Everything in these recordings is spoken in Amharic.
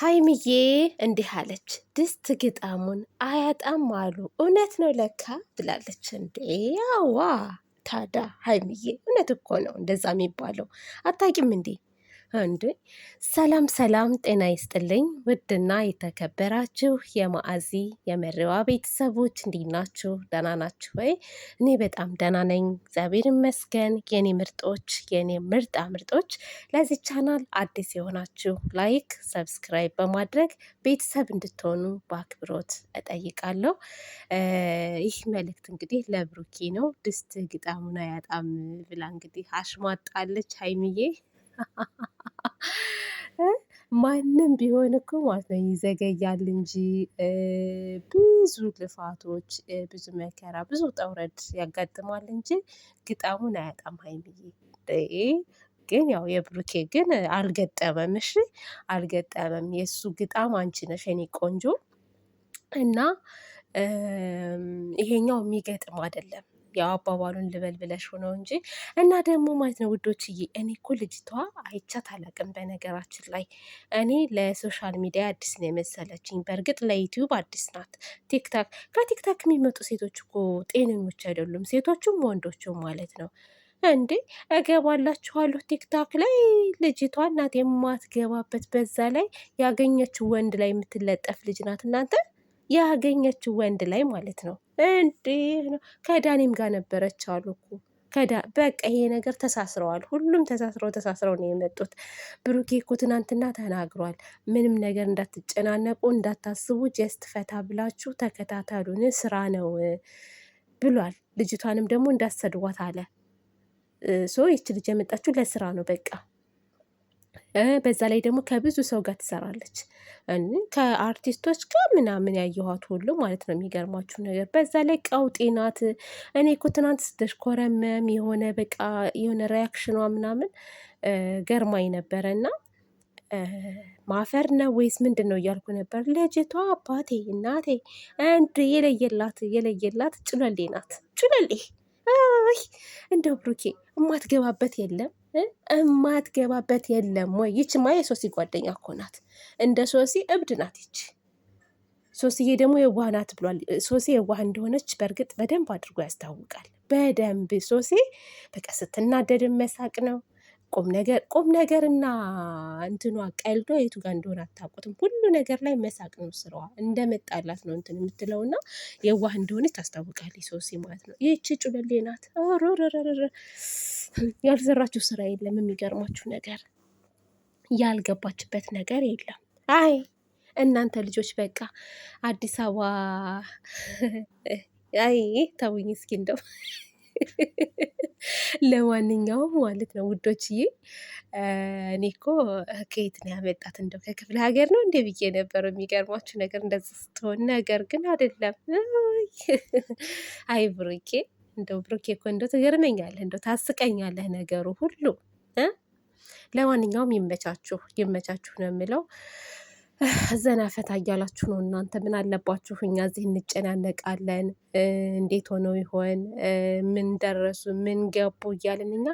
ሀይሚዬ እንዲህ አለች፣ ድስት ግጣሙን አያጣም አሉ እውነት ነው ለካ ብላለች። እንዴ አዋ ታዳ ሀይሚዬ እውነት እኮ ነው እንደዛ የሚባለው አታቂም እንዴ? አንድ ሰላም ሰላም፣ ጤና ይስጥልኝ ውድና የተከበራችሁ የማአዚ የመሪዋ ቤተሰቦች እንዴት ናችሁ? ደህና ናችሁ ወይ? እኔ በጣም ደህና ነኝ፣ እግዚአብሔር ይመስገን። የኔ ምርጦች፣ የኔ ምርጣ ምርጦች፣ ለዚህ ቻናል አዲስ የሆናችሁ ላይክ፣ ሰብስክራይብ በማድረግ ቤተሰብ እንድትሆኑ በአክብሮት እጠይቃለሁ። ይህ መልእክት እንግዲህ ለብሩኪ ነው። ድስት ግጣሙን ያጣም ብላ እንግዲህ አሽሟጣለች ሀይሚዬ ማንም ቢሆን እኮ ማለት ነው ይዘገያል እንጂ ብዙ ልፋቶች፣ ብዙ መከራ፣ ብዙ ጠውረድ ያጋጥማል እንጂ ግጣሙን አያጣም። ሀይሚዬ ግን ያው የብሩኬ ግን አልገጠመም። እሺ አልገጠመም። የእሱ ግጣም አንቺ ነሽ የኔ ቆንጆ እና ይሄኛው የሚገጥም አይደለም። ያው አባባሉን ልበል ብለሽ ሆነው እንጂ እና ደግሞ ማለት ነው ውዶችዬ፣ እኔ እኮ ልጅቷ አይቻት አላቅም። በነገራችን ላይ እኔ ለሶሻል ሚዲያ አዲስ ነው የመሰለችኝ። በእርግጥ ለዩትዩብ አዲስ ናት። ቲክታክ ከቲክታክ የሚመጡ ሴቶች እኮ ጤነኞች አይደሉም፣ ሴቶቹም ወንዶቹም ማለት ነው። እንዴ እገባላችኋለሁ ቲክታክ ላይ ልጅቷ እናት የማትገባበት በዛ ላይ ያገኘችው ወንድ ላይ የምትለጠፍ ልጅ ናት። እናንተ ያገኘችው ወንድ ላይ ማለት ነው። ነው። ከዳኒም ጋር ነበረች አሉ እኮ ከዳ በቃ ይሄ ነገር ተሳስረዋል። ሁሉም ተሳስረው ተሳስረው ነው የመጡት። ብሩኬ እኮ ትናንትና ተናግሯል። ምንም ነገር እንዳትጨናነቁ እንዳታስቡ፣ ጀስት ፈታ ብላችሁ ተከታተሉን ስራ ነው ብሏል። ልጅቷንም ደግሞ እንዳሰድዋት አለ ሶ ይች ልጅ የመጣችሁ ለስራ ነው በቃ በዛ ላይ ደግሞ ከብዙ ሰው ጋር ትሰራለች። ከአርቲስቶች ጋር ምናምን ያየኋት ሁሉ ማለት ነው። የሚገርማችሁ ነገር በዛ ላይ ቀውጤ ናት። እኔ እኮ ትናንት ስትሽኮረመም የሆነ በቃ የሆነ ሪያክሽኗ ምናምን ገርማኝ ነበረ እና ማፈር ነው ወይስ ምንድን ነው እያልኩ ነበር። ልጅቷ አባቴ እናቴ እንድ የለየላት የለየላት ጭለሌ ናት ጭለሌ። እንደው ብሩኬ እማትገባበት የለም እማትገባበት የለም ወይ? ይችማ የሶሲ ጓደኛ እኮ ናት። እንደ ሶሲ እብድ ናት ይች። ሶሲዬ ደግሞ የዋህ ናት ብሏል። ሶሲ የዋህ እንደሆነች በእርግጥ በደንብ አድርጎ ያስታውቃል። በደንብ ሶሲ በቃ ስትናደድም መሳቅ ነው ቁም ነገር ቁም ነገርና እንትኗ ቀልዶ የቱ ጋር እንደሆነ አታውቁትም። ሁሉ ነገር ላይ መሳቅ ነው ስራዋ። እንደመጣላት ነው እንትን የምትለው እና የዋህ እንደሆነች ታስታውቃለች ሶሲ ማለት ነው። ይህቺ ጩበሌ ናት። ያልሰራችሁ ስራ የለም። የሚገርማችሁ ነገር ያልገባችበት ነገር የለም። አይ እናንተ ልጆች በቃ አዲስ አበባ አይ ተውኝ እስኪ እንደው ለማንኛውም ማለት ነው ውዶችዬ፣ እኔ እኮ ከየት ነው ያመጣት እንደው ከክፍለ ሀገር ነው እንደ ብዬ ነበር። የሚገርማችሁ ነገር እንደዚህ ስትሆን፣ ነገር ግን አይደለም። አይ ብሩኬ፣ እንደው ብሩኬ እኮ እንደው ትገርመኛለህ፣ እንደው ታስቀኛለህ ነገሩ ሁሉ። ለማንኛውም ይመቻችሁ፣ ይመቻችሁ ነው የምለው። ዘና ፈታ እያላችሁ ነው እናንተ። ምን አለባችሁ? እኛ እዚህ እንጨናነቃለን። እንዴት ሆነው ይሆን? ምን ደረሱ? ምን ገቡ? እያልን እኛ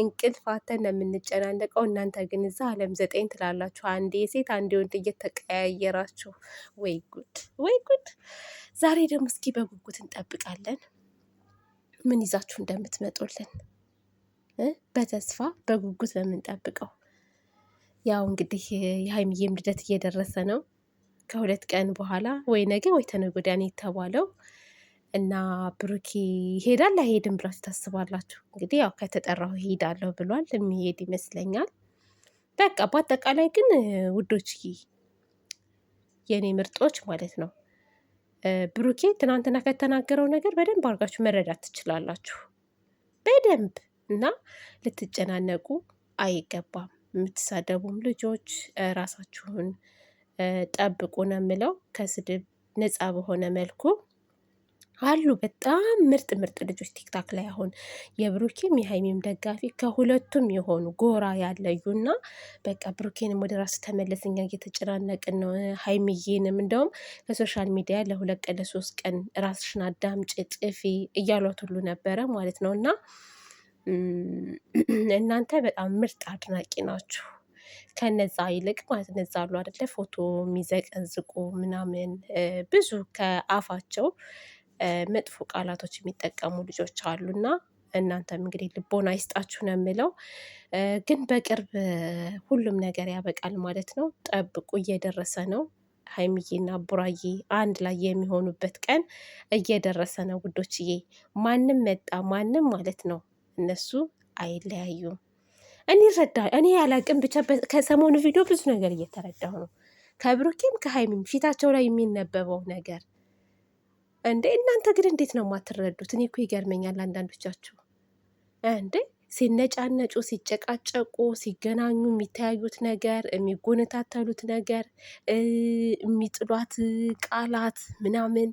እንቅልፍ አተን ነው የምንጨናነቀው። እናንተ ግን እዛ አለም ዘጠኝ ትላላችሁ። አንዴ ሴት አንዴ ወንድ እየተቀያየራችሁ። ወይ ጉድ! ወይ ጉድ! ዛሬ ደግሞ እስኪ በጉጉት እንጠብቃለን ምን ይዛችሁ እንደምትመጡልን በተስፋ በጉጉት በምንጠብቀው ያው እንግዲህ የሀይሚዬም ልደት እየደረሰ ነው። ከሁለት ቀን በኋላ ወይ ነገ ወይ ተነገ የተባለው እና ብሩኬ ይሄዳል አይሄድም ብላችሁ ታስባላችሁ? እንግዲህ ያው ከተጠራሁ ይሄዳለሁ ብሏል። የሚሄድ ይመስለኛል። በቃ በአጠቃላይ ግን ውዶች፣ የእኔ ምርጦች ማለት ነው ብሩኬ ትናንትና ከተናገረው ነገር በደንብ አድርጋችሁ መረዳት ትችላላችሁ። በደንብ እና ልትጨናነቁ አይገባም። የምትሳደቡም ልጆች ራሳችሁን ጠብቁ ነው የምለው። ከስድብ ነፃ በሆነ መልኩ አሉ በጣም ምርጥ ምርጥ ልጆች ቲክታክ ላይ አሁን የብሩኬም የሀይሚም ደጋፊ ከሁለቱም የሆኑ ጎራ እና በቃ ብሩኬንም ወደ ራስ ተመለስ፣ እኛ እየተጨናነቅን ነው። ሀይሚዬንም እንደውም ከሶሻል ሚዲያ ለሁለት ቀን ለሶስት ቀን ራስሽን አዳምጪ፣ ጥፊ እያሏት ሁሉ ነበረ ማለት ነው እና እናንተ በጣም ምርጥ አድናቂ ናችሁ። ከነዛ ይልቅ ማለት ነዛ አሉ አደለ ፎቶ የሚዘቀዝቁ ምናምን ብዙ ከአፋቸው መጥፎ ቃላቶች የሚጠቀሙ ልጆች እና እናንተም እንግዲህ ልቦና ይስጣችሁ ነው የምለው። ግን በቅርብ ሁሉም ነገር ያበቃል ማለት ነው። ጠብቁ፣ እየደረሰ ነው። ሀይሚዬና ቡራዬ አንድ ላይ የሚሆኑበት ቀን እየደረሰ ነው ውዶችዬ። ማንም መጣ ማንም ማለት ነው እነሱ አይለያዩም። እኔ ረዳ እኔ ያላቅም ብቻ ከሰሞኑ ቪዲዮ ብዙ ነገር እየተረዳሁ ነው። ከብሩኬም ከሀይሚም ፊታቸው ላይ የሚነበበው ነገር እንዴ! እናንተ ግን እንዴት ነው የማትረዱት? እኔ እኮ ይገርመኛል አንዳንዶቻችሁ እንዴ ሲነጫነጩ ሲጨቃጨቁ ሲገናኙ የሚተያዩት ነገር የሚጎነታተሉት ነገር የሚጥሏት ቃላት ምናምን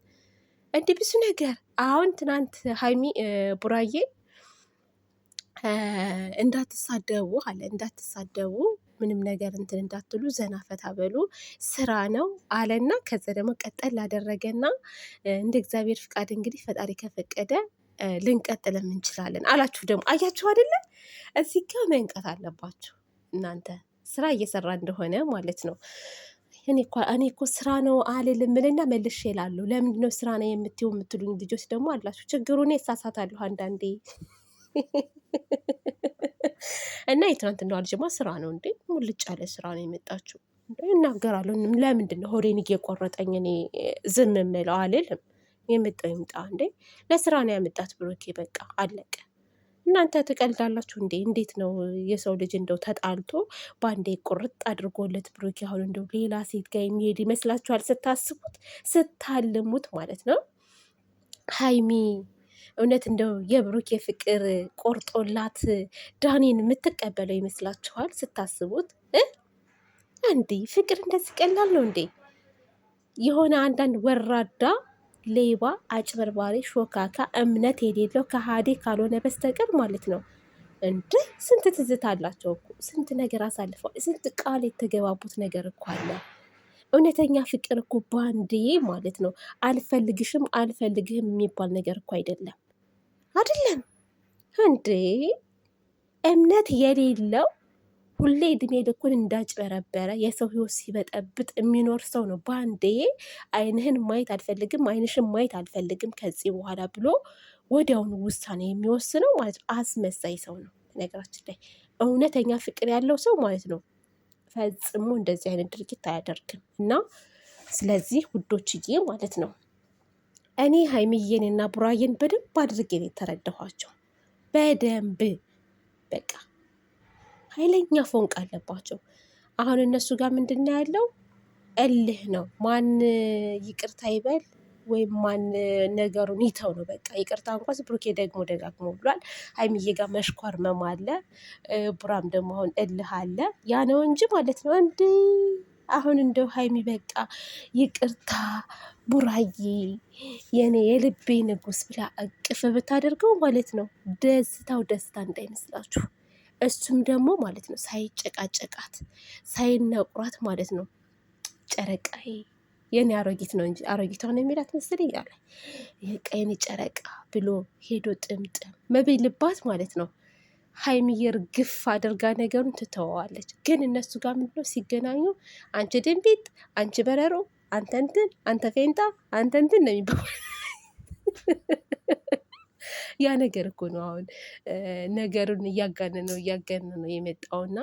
እንዲህ ብዙ ነገር አሁን ትናንት ሀይሚ ቡራዬ እንዳትሳደቡ አለ እንዳትሳደቡ ምንም ነገር እንትን እንዳትሉ ዘና ፈታ በሉ ስራ ነው አለና ከዛ ደግሞ ቀጠል ላደረገና እንደ እግዚአብሔር ፍቃድ እንግዲህ ፈጣሪ ከፈቀደ ልንቀጥልም እንችላለን አላችሁ። ደግሞ አያችሁ አይደለ? እዚህ ጋር መንቀት አለባችሁ እናንተ ስራ እየሰራ እንደሆነ ማለት ነው። እኔ እኮ ስራ ነው አልልም እልና መልሼ እላለሁ። ለምንድን ነው ስራ ነው የምትይው የምትሉኝ ልጆች ደግሞ አላችሁ። ችግሩ እኔ እሳሳታለሁ አንዳንዴ እና የትናንትናዋ ልጅማ ስራ ነው እንዴ? ሙልጭ ያለ ስራ ነው የመጣችው። እናገራለሁ። ለምንድን ነው ሆዴን እየቆረጠኝ እኔ ዝም የምለው? አልልም። የመጣው ይምጣ እንዴ። ለስራ ነው ያመጣት ብሩኬ። በቃ አለቀ። እናንተ ትቀልዳላችሁ እንዴ? እንዴት ነው የሰው ልጅ እንደው ተጣልቶ በአንዴ ቁርጥ አድርጎለት ብሩኬ አሁን እንደው ሌላ ሴት ጋር የሚሄድ ይመስላችኋል? ስታስቡት፣ ስታልሙት ማለት ነው ሀይሚ እውነት እንደው የብሩክ የፍቅር ቆርጦላት ዳኒን የምትቀበለው ይመስላችኋል? ስታስቡት አንዴ ፍቅር እንደዚህ ቀላል ነው እንዴ? የሆነ አንዳንድ ወራዳ ሌባ፣ አጭበርባሪ፣ ሾካካ፣ እምነት የሌለው ከሃዲ ካልሆነ በስተቀር ማለት ነው። እንደ ስንት ትዝታ አላቸው እኮ ስንት ነገር አሳልፈዋል። ስንት ቃል የተገባቡት ነገር እኮ አለ። እውነተኛ ፍቅር እኮ ባንዴ ማለት ነው አልፈልግሽም አልፈልግህም የሚባል ነገር እኮ አይደለም አይደለም እንዴ እምነት የሌለው ሁሌ እድሜ ልኩን እንዳጭበረበረ የሰው ህይወት ሲበጠብጥ የሚኖር ሰው ነው። ባንዴ አይንህን ማየት አልፈልግም፣ አይንሽን ማየት አልፈልግም ከዚህ በኋላ ብሎ ወዲያውኑ ውሳኔ የሚወስነው ማለት ነው አስመሳይ ሰው ነው። ነገራችን ላይ እውነተኛ ፍቅር ያለው ሰው ማለት ነው ፈጽሞ እንደዚህ አይነት ድርጊት አያደርግም እና ስለዚህ ውዶችዬ ማለት ነው እኔ ሀይሚዬን እና ቡራዬን በደንብ አድርጌ ነው የተረዳኋቸው። በደንብ በቃ ኃይለኛ ፎንቅ አለባቸው። አሁን እነሱ ጋር ምንድን ነው ያለው? እልህ ነው። ማን ይቅርታ ይበል ወይም ማን ነገሩን ይተው ነው በቃ ይቅርታ እንኳስ ብሩኬ ደግሞ ደጋግሞ ብሏል። ሀይሚዬ ጋር መሽኮርመም አለ፣ ቡራም ደግሞ አሁን እልህ አለ። ያ ነው እንጂ ማለት ነው እንዲ አሁን እንደው ሀይሚ በቃ ይቅርታ ቡራዬ የኔ የልቤ ንጉስ ብላ እቅፍ ብታደርገው ማለት ነው ደስታው ደስታ እንዳይመስላችሁ እሱም ደግሞ ማለት ነው ሳይጨቃጨቃት ሳይነቁራት ማለት ነው ጨረቃዬ የኔ አሮጊት ነው እንጂ አሮጊት ሆነ የሚላት መሰለኝ አለ። ቀይን ጨረቃ ብሎ ሄዶ ጥምጥም መቤ ልባት ማለት ነው። ሀይሚየር ግፍ አድርጋ ነገሩን ትተወዋለች። ግን እነሱ ጋር ምንድነው ሲገናኙ አንቺ ድንቢጥ፣ አንቺ በረሮ፣ አንተ እንትን፣ አንተ ፌንጣ፣ አንተ እንትን ነው የሚባለው። ያ ነገር እኮ ነው አሁን ነገሩን እያጋነነው እያጋነነው የመጣውና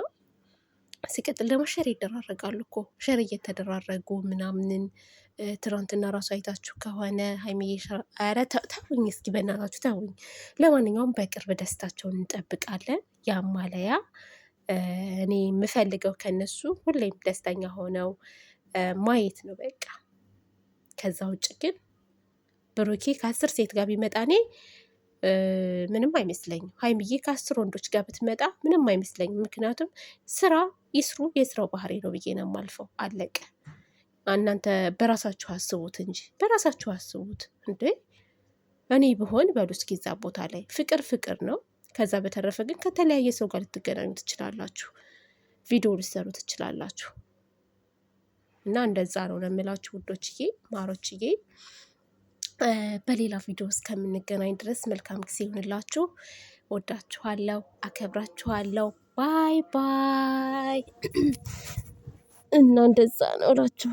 ሲቀጥል ደግሞ ሸር ይደራረጋሉ እኮ ሸር እየተደራረጉ ምናምንን ትናንትና ራሱ አይታችሁ ከሆነ ሀይሚዬ ኧረ ተውኝ፣ እስኪ በእናታችሁ ተውኝ። ለማንኛውም በቅርብ ደስታቸውን እንጠብቃለን። ያማለያ እኔ የምፈልገው ከነሱ ሁሌም ደስተኛ ሆነው ማየት ነው በቃ። ከዛ ውጭ ግን ብሩኬ ከአስር ሴት ጋር ቢመጣ እኔ ምንም አይመስለኝም። ሀይምዬ ከአስር ወንዶች ጋር ብትመጣ ምንም አይመስለኝም። ምክንያቱም ስራ ይስሩ፣ የስራው ባህሪ ነው ብዬ ነው የማልፈው። አለቀ። እናንተ በራሳችሁ አስቡት እንጂ በራሳችሁ አስቡት እንዴ! እኔ ብሆን በሉ እስኪ እዛ ቦታ ላይ ፍቅር ፍቅር ነው። ከዛ በተረፈ ግን ከተለያየ ሰው ጋር ልትገናኙ ትችላላችሁ፣ ቪዲዮ ልትሰሩ ትችላላችሁ። እና እንደዛ ነው ለምላችሁ ውዶችዬ፣ ማሮችዬ በሌላ ቪዲዮ እስከምንገናኝ ድረስ መልካም ጊዜ ይሁንላችሁ። ወዳችኋለሁ፣ አከብራችኋለሁ። ባይ ባይ። እና እንደዛ ነው እላችሁ።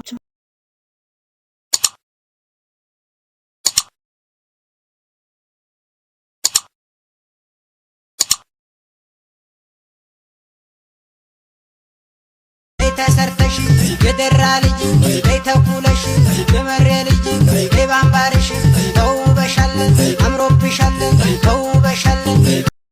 ተሰርተሽ የደራ ልጅ ቤተኩለሽ የመሬ ልጅ bambara ishize